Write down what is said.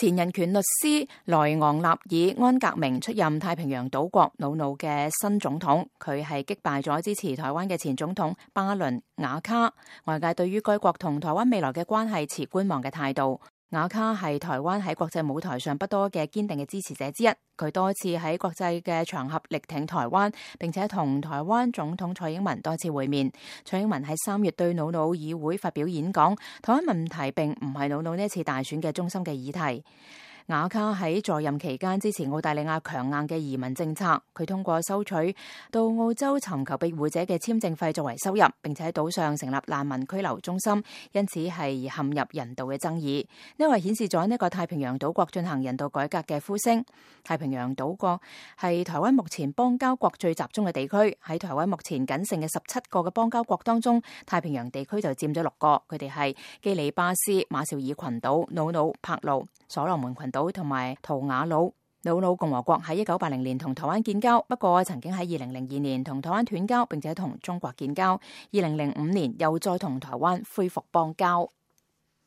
前人權律師萊昂納爾安格明出任太平洋島國瑙魯嘅新總統，佢係擊敗咗支持台灣嘅前總統巴倫雅卡。外界對於該國同台灣未來嘅關係持觀望嘅態度。雅卡係台灣喺國際舞台上不多嘅堅定嘅支持者之一，佢多次喺國際嘅場合力挺台灣，並且同台灣總統蔡英文多次會面。蔡英文喺三月對瑙魯議會發表演講，台灣問題並唔係瑙魯呢次大選嘅中心嘅議題。雅卡喺在，在任期間支持澳大利亞強硬嘅移民政策，佢通過收取到澳洲尋求庇護者嘅簽證費作為收入，並且喺島上成立難民拘留中心，因此係陷入人道嘅爭議，呢個顯示咗呢個太平洋島國進行人道改革嘅呼聲。太平洋島國係台灣目前邦交國最集中嘅地區，喺台灣目前僅剩嘅十七個嘅邦交國當中，太平洋地區就佔咗六個，佢哋係基里巴斯、馬紹爾群島、瑙魯、帕勞、所羅門群島、佬同埋圖瓦魯，瑙魯共和國喺一九八零年同台灣建交，不過曾經喺二零零二年同台灣斷交，並且同中國建交，二零零五年又再同台灣恢復邦交。